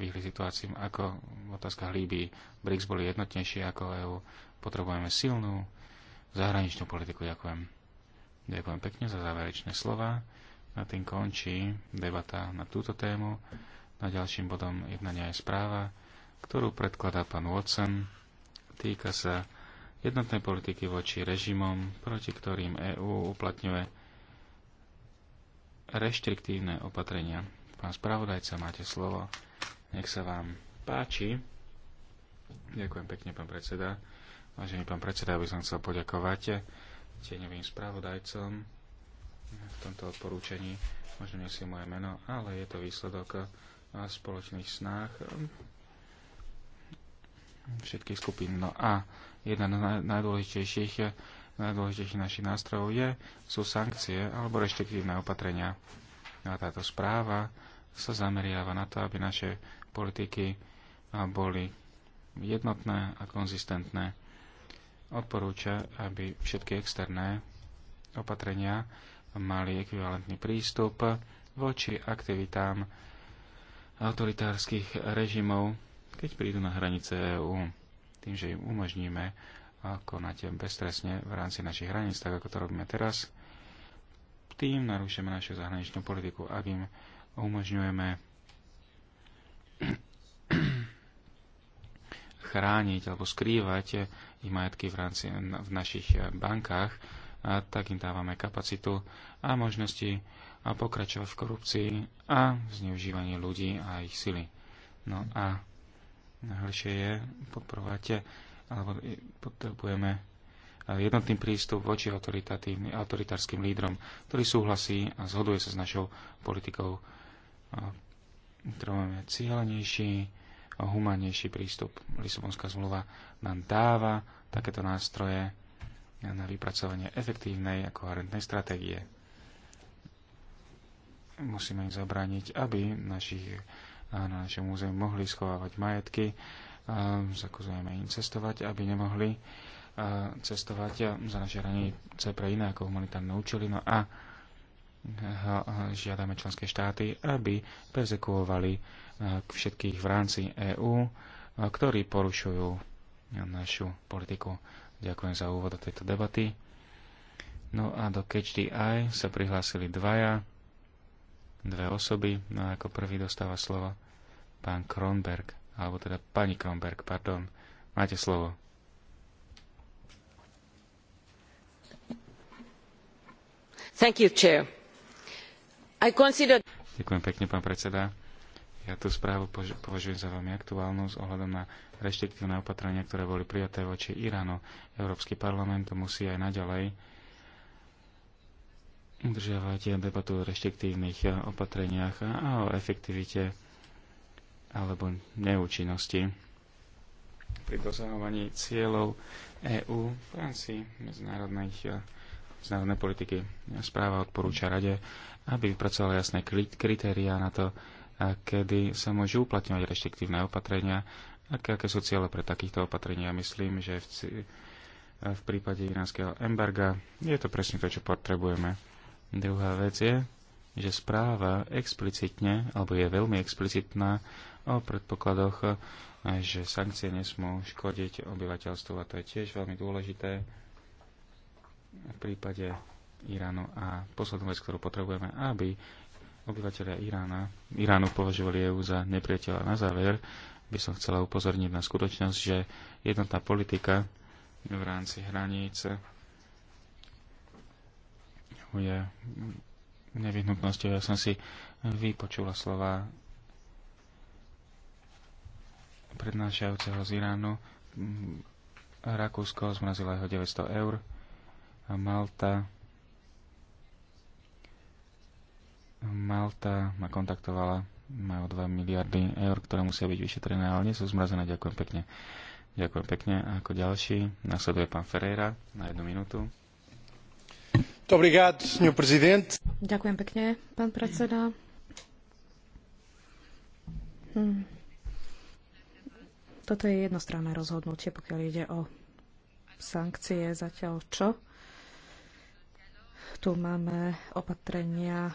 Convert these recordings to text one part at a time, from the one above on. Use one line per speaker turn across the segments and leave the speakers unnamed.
výhry situáciám ako v otázkach Líbii. BRICS boli jednotnejšie ako EU. Potrebujeme silnú zahraničnú politiku. Ďakujem. Ďakujem pekne za záverečné slova. Na tým končí debata na túto tému. Na ďalším bodom jednania je správa, ktorú predkladá pán Watson. Týka sa jednotnej politiky voči režimom, proti ktorým EÚ uplatňuje reštriktívne opatrenia. Pán spravodajca, máte slovo. Nech sa vám páči. Ďakujem pekne, pán predseda. Vážený pán predseda, aby som chcel poďakovať tieňovým spravodajcom v tomto odporúčaní. Možno nesie moje meno, ale je to výsledok spoločných snách všetkých skupín. No a jedna z najdôležitejších, najdôležitejších našich nástrojov je, sú sankcie alebo reštriktívne opatrenia. a táto správa sa zameriava na to, aby naše politiky boli jednotné a konzistentné. Odporúča, aby všetky externé opatrenia mali ekvivalentný prístup voči aktivitám autoritárskych režimov, keď prídu na hranice EÚ, tým, že im umožníme konať bezstresne v rámci našich hraníc, tak ako to robíme teraz, tým narúšame našu zahraničnú politiku, ak im umožňujeme chrániť alebo skrývať ich majetky v, rámci, v našich bankách, a tak im dávame kapacitu a možnosti a pokračovať v korupcii a zneužívanie ľudí a ich sily. No a najhoršie je podporovať, alebo potrebujeme jednotný prístup voči autoritárskym lídrom, ktorý súhlasí a zhoduje sa s našou politikou. máme cieľnejší, humánnejší prístup. Lisabonská zmluva nám dáva takéto nástroje na vypracovanie efektívnej a koherentnej stratégie. Musíme im zabrániť, aby našich, na našom území mohli schovávať majetky, zakazujeme im cestovať, aby nemohli cestovať za naše hranice pre iné ako humanitárne účely. No a žiadame členské štáty, aby persekuovali e, všetkých v rámci EÚ, e, ktorí porušujú našu politiku. Ďakujem za úvod do tejto debaty. No a do KDI sa prihlásili dvaja, dve osoby. No a ako prvý dostáva slovo pán Kronberg, alebo teda pani Kronberg, pardon. Máte slovo.
Ďakujem
pekne, pán predseda. Ja tú správu považujem za veľmi aktuálnu s ohľadom na reštriktívne opatrenia, ktoré boli prijaté voči Iránu. Európsky parlament musí aj naďalej udržiavať debatu o reštriktívnych opatreniach a o efektivite alebo neúčinnosti pri dosahovaní cieľov EÚ v rámci medzinárodných z národnej politiky. Správa odporúča rade, aby vypracovala jasné kritériá na to, kedy sa môžu uplatňovať reštriktívne opatrenia, aké, aké sú cieľe pre takýchto Ja Myslím, že v, v prípade iránskeho embarga je to presne to, čo potrebujeme. Druhá vec je, že správa explicitne, alebo je veľmi explicitná o predpokladoch, že sankcie nesmú škodiť obyvateľstvu a to je tiež veľmi dôležité v prípade Iránu a poslednú vec, ktorú potrebujeme, aby obyvateľia Irána, Iránu považovali EU za nepriateľa. Na záver by som chcela upozorniť na skutočnosť, že jednotná politika v rámci hraníc je nevyhnutnosťou. Ja som si vypočula slova prednášajúceho z Iránu. Rakúsko zmrazilo jeho 900 eur a Malta Malta ma kontaktovala majú 2 miliardy eur, ktoré musia byť vyšetrené, ale nie sú zmrazené. Ďakujem pekne. Ďakujem pekne. A ako ďalší nasleduje pán Ferreira na jednu minútu.
Ďakujem pekne, pán predseda. Hm. Toto je jednostranné rozhodnutie, pokiaľ ide o sankcie zatiaľ čo? tu máme opatrenia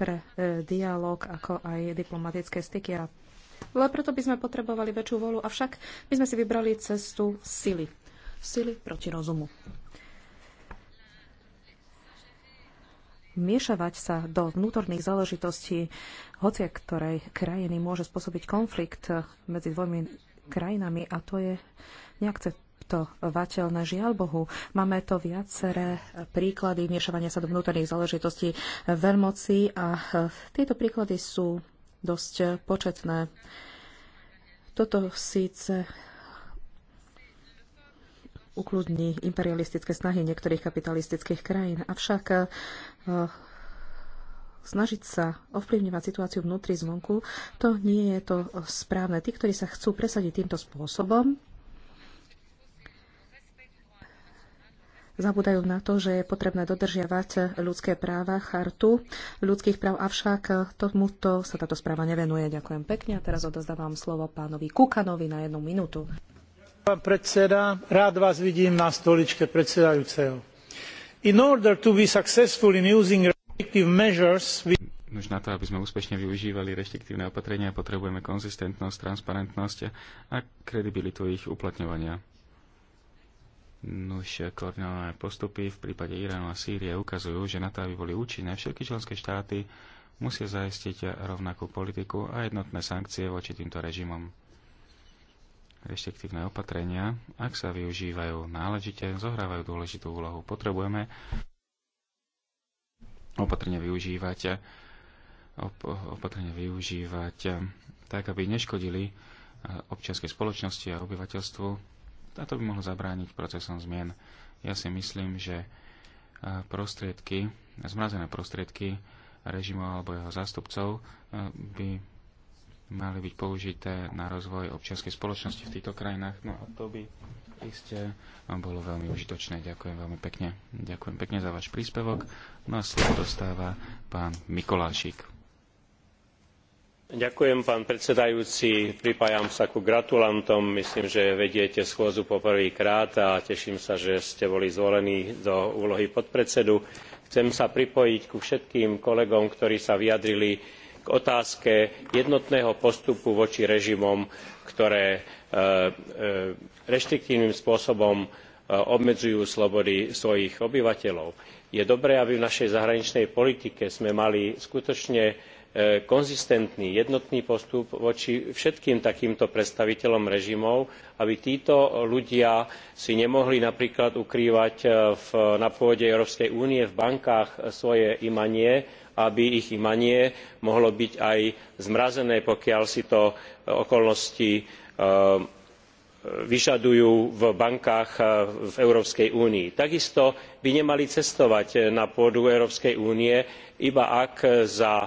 pre e, dialog, ako aj diplomatické styky. A ale preto by sme potrebovali väčšiu volu, avšak my sme si vybrali cestu sily. Sily proti rozumu. Miešavať sa do vnútorných záležitostí hoci ktorej krajiny môže spôsobiť konflikt e, medzi dvomi krajinami a to je neakceptovateľné vateľné, Žiaľ Bohu, máme to viaceré príklady vmiešavania sa do vnútorných záležitostí veľmocí a e, tieto príklady sú dosť početné. Toto síce ukludní imperialistické snahy niektorých kapitalistických krajín, avšak e, snažiť sa ovplyvňovať situáciu vnútri zvonku, to nie je to správne. Tí, ktorí sa chcú presadiť týmto spôsobom, zabúdajú na to, že je potrebné dodržiavať ľudské práva, chartu ľudských práv, avšak tomuto sa táto správa nevenuje. Ďakujem pekne a teraz odozdávam slovo pánovi Kukanovi na jednu minútu.
Pán predseda, rád vás vidím na stoličke predsedajúceho. In order to be successful in using restrictive measures, we
už na to, aby sme úspešne využívali reštriktívne opatrenia, potrebujeme konzistentnosť, transparentnosť a kredibilitu ich uplatňovania. Nuž koordinované postupy v prípade Iránu a Sýrie ukazujú, že na to, aby boli účinné, všetky členské štáty musia zaistiť rovnakú politiku a jednotné sankcie voči týmto režimom. Reštriktívne opatrenia, ak sa využívajú náležite, zohrávajú dôležitú úlohu. Potrebujeme opatrenia využívať, op- opatrne využívať tak, aby neškodili občianskej spoločnosti a obyvateľstvu a to by mohlo zabrániť procesom zmien. Ja si myslím, že e, prostriedky, zmrazené prostriedky režimu alebo jeho zástupcov e, by mali byť použité na rozvoj občianskej spoločnosti v týchto krajinách. No a to by iste bolo veľmi užitočné. Ďakujem veľmi pekne. Ďakujem pekne za váš príspevok. No a slovo dostáva pán Mikolášik.
Ďakujem, pán predsedajúci. Pripájam sa ku gratulantom. Myslím, že vediete schôdzu poprvýkrát a teším sa, že ste boli zvolení do úlohy podpredsedu. Chcem sa pripojiť ku všetkým kolegom, ktorí sa vyjadrili k otázke jednotného postupu voči režimom, ktoré e, e, reštriktívnym spôsobom e, obmedzujú slobody svojich obyvateľov. Je dobré, aby v našej zahraničnej politike sme mali skutočne E, konzistentný jednotný postup voči všetkým takýmto predstaviteľom režimov aby títo ľudia si nemohli napríklad ukrývať e, na pôde európskej únie v bankách svoje imanie aby ich imanie mohlo byť aj zmrazené pokiaľ si to okolnosti e, vyžadujú v bankách v európskej únii. takisto by nemali cestovať na pôdu európskej únie iba ak za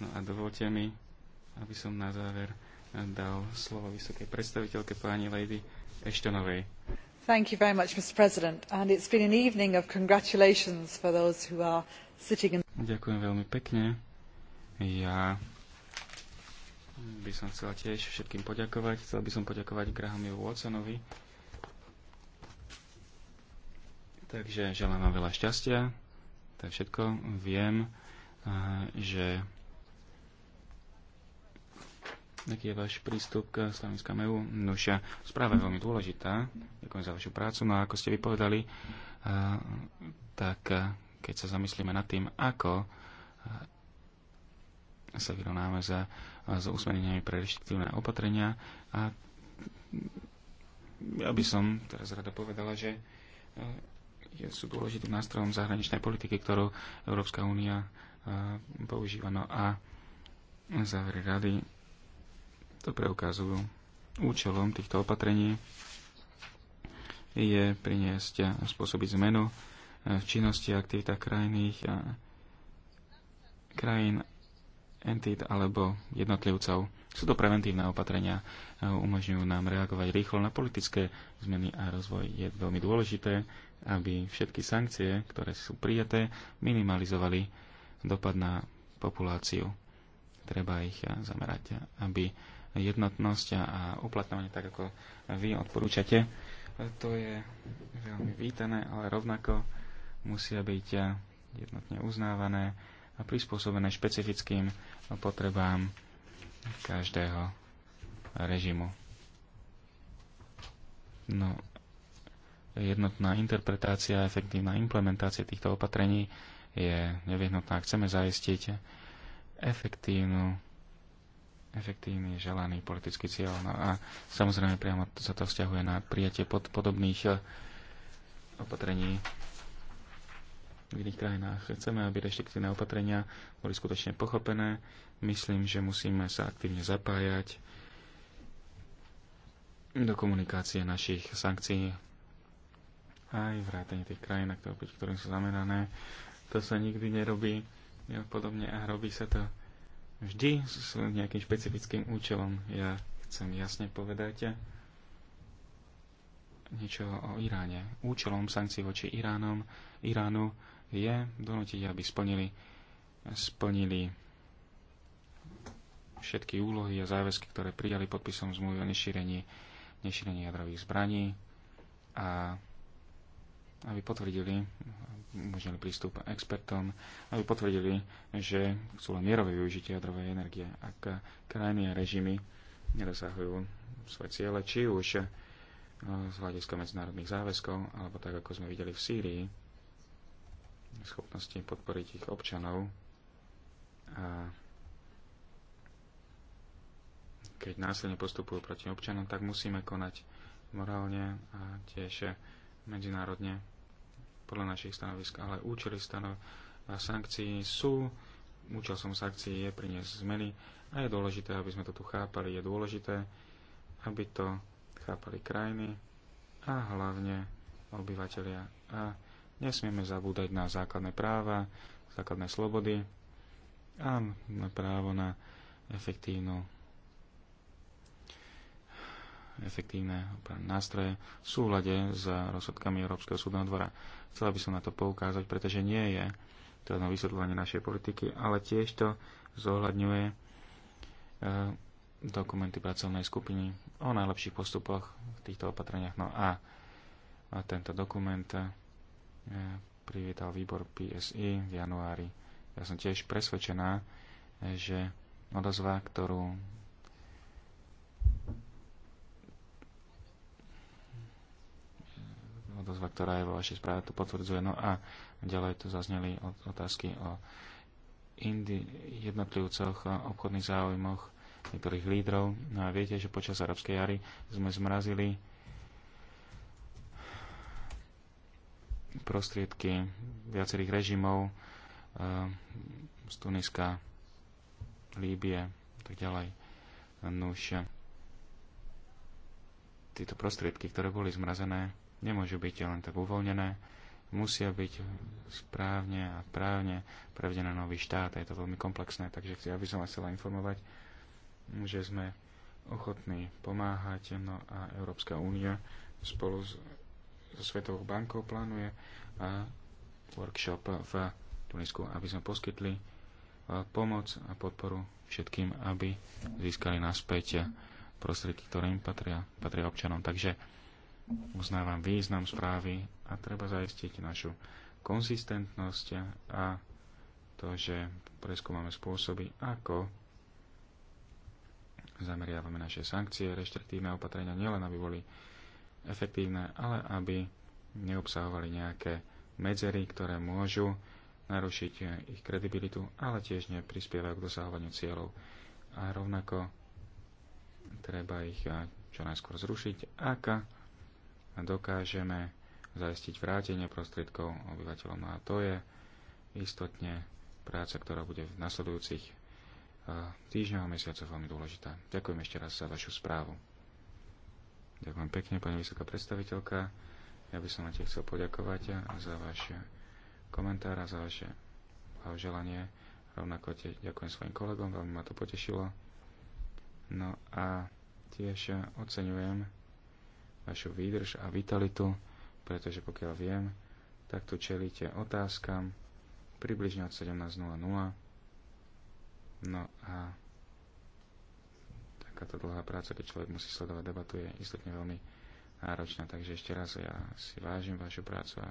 No a dovolte mi, aby som na záver dal slovo vysokej predstaviteľke pani Lady Ashtonovej.
Thank you very much, Mr. President. And it's been an evening of congratulations for those who are sitting in...
Ďakujem veľmi pekne. Ja by som chcela tiež všetkým poďakovať. Chcel by som poďakovať Grahamovi Watsonovi. Takže želám vám veľa šťastia. To je všetko. Viem, eh, že Aký je váš prístup k Slavinskám EU? Nuša, správa je veľmi dôležitá. Ďakujem za vašu prácu. No a ako ste vypovedali, eh, tak eh, keď sa zamyslíme nad tým, ako eh, sa vyrovnáme za, za usmerneniami pre reštriktívne opatrenia. A ja by som teraz rada povedala, že sú dôležitým nástrojom zahraničnej politiky, ktorú Európska únia používa. No a závery rady to preukazujú. Účelom týchto opatrení je priniesť a spôsobiť zmenu v e, činnosti a aktivitách krajných a krajín, entit alebo jednotlivcov. Sú to preventívne opatrenia, e, umožňujú nám reagovať rýchlo na politické zmeny a rozvoj. Je veľmi dôležité, aby všetky sankcie, ktoré sú prijaté, minimalizovali dopad na populáciu. Treba ich e, zamerať, aby jednotnosť a uplatňovanie tak, ako vy odporúčate. To je veľmi vítané, ale rovnako musia byť e, jednotne uznávané a prispôsobené špecifickým potrebám každého režimu. No, jednotná interpretácia a efektívna implementácia týchto opatrení je nevyhnutná, chceme zaistiť efektívnu efektívny, želaný politický cieľ. No a samozrejme priamo sa to vzťahuje na prijatie pod podobných eh, opatrení v iných krajinách. Chceme, aby reštriktívne opatrenia boli skutočne pochopené. Myslím, že musíme sa aktívne zapájať do komunikácie našich sankcií aj vrátanie tých krajín, ktorým sú zamerané. To sa nikdy nerobí. Podobne a robí sa to vždy s nejakým špecifickým účelom. Ja chcem jasne povedať niečo o Iráne. Účelom sankcií voči Iránom, Iránu je donútiť, aby splnili, splnili všetky úlohy a záväzky, ktoré prijali podpisom zmluvy o nešírení, nešírení jadrových zbraní a aby potvrdili umožnili prístup expertom, aby potvrdili, že sú len mierové využitie jadrovej energie. Ak krajiny a režimy nedosahujú svoje ciele, či už eh, z hľadiska medzinárodných záväzkov, alebo tak, ako sme videli v Sýrii, schopnosti podporiť ich občanov a keď následne postupujú proti občanom, tak musíme konať morálne a tiež medzinárodne podľa našich stanovisk, ale účely stanov sankcií sú, som sankcií je priniesť zmeny a je dôležité, aby sme to tu chápali, je dôležité, aby to chápali krajiny a hlavne obyvateľia. A nesmieme zabúdať na základné práva, základné slobody a na právo na efektívnu efektívne nástroje v súhľade s rozsudkami Európskeho súdneho dvora. Chcela by som na to poukázať, pretože nie je to na vysvetľovanie našej politiky, ale tiež to zohľadňuje e, dokumenty pracovnej skupiny o najlepších postupoch v týchto opatreniach. No a, a tento dokument e, privítal výbor PSI v januári. Ja som tiež presvedčená, e, že odozva, ktorú odozva, ktorá je vo vašej správe, to potvrdzuje. No a ďalej tu zazneli otázky o indi- jednotlivcoch, obchodných záujmoch niektorých lídrov. No a viete, že počas arabskej jary sme zmrazili prostriedky viacerých režimov e, z Tuniska, Líbie a tak ďalej. Nuž, e, tieto prostriedky, ktoré boli zmrazené, nemôžu byť len tak uvoľnené, musia byť správne a právne prevedené nový štát. Je to veľmi komplexné, takže chci, aby som vás chcela informovať, že sme ochotní pomáhať. No a Európska únia spolu so Svetovou bankou plánuje a workshop v Tunisku, aby sme poskytli pomoc a podporu všetkým, aby získali naspäť prostriedky, ktoré im patria, patria občanom. Takže uznávam význam správy a treba zaistiť našu konzistentnosť a to, že preskúmame spôsoby, ako zameriavame naše sankcie, reštriktívne opatrenia, nielen aby boli efektívne, ale aby neobsahovali nejaké medzery, ktoré môžu narušiť ich kredibilitu, ale tiež neprispievajú k dosahovaniu cieľov. A rovnako treba ich eh, čo najskôr zrušiť, aká dokážeme zaistiť vrátenie prostriedkov obyvateľom. a to je istotne práca, ktorá bude v nasledujúcich e, týždňoch a mesiacoch veľmi dôležitá. Ďakujem ešte raz za vašu správu. Ďakujem pekne, pani vysoká predstaviteľka. Ja by som vám tiež chcel poďakovať za vaše komentár a za vaše želanie. Rovnako tiež ďakujem svojim kolegom, veľmi ma to potešilo. No a tiež oceňujem vašu výdrž a vitalitu, pretože pokiaľ viem, tak tu čelíte otázkam približne od 17.00. No a takáto dlhá práca, keď človek musí sledovať debatu, je istotne veľmi náročná. Takže ešte raz ja si vážim vašu prácu a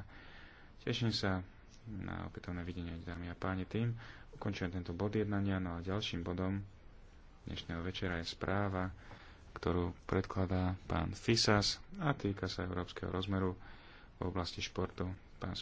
teším sa na opätovné videnie, dámy a páni. Tým ukončujem tento bod jednania, no a ďalším bodom dnešného večera je správa ktorú predkladá pán Fisas a týka sa európskeho rozmeru v oblasti športu. Pán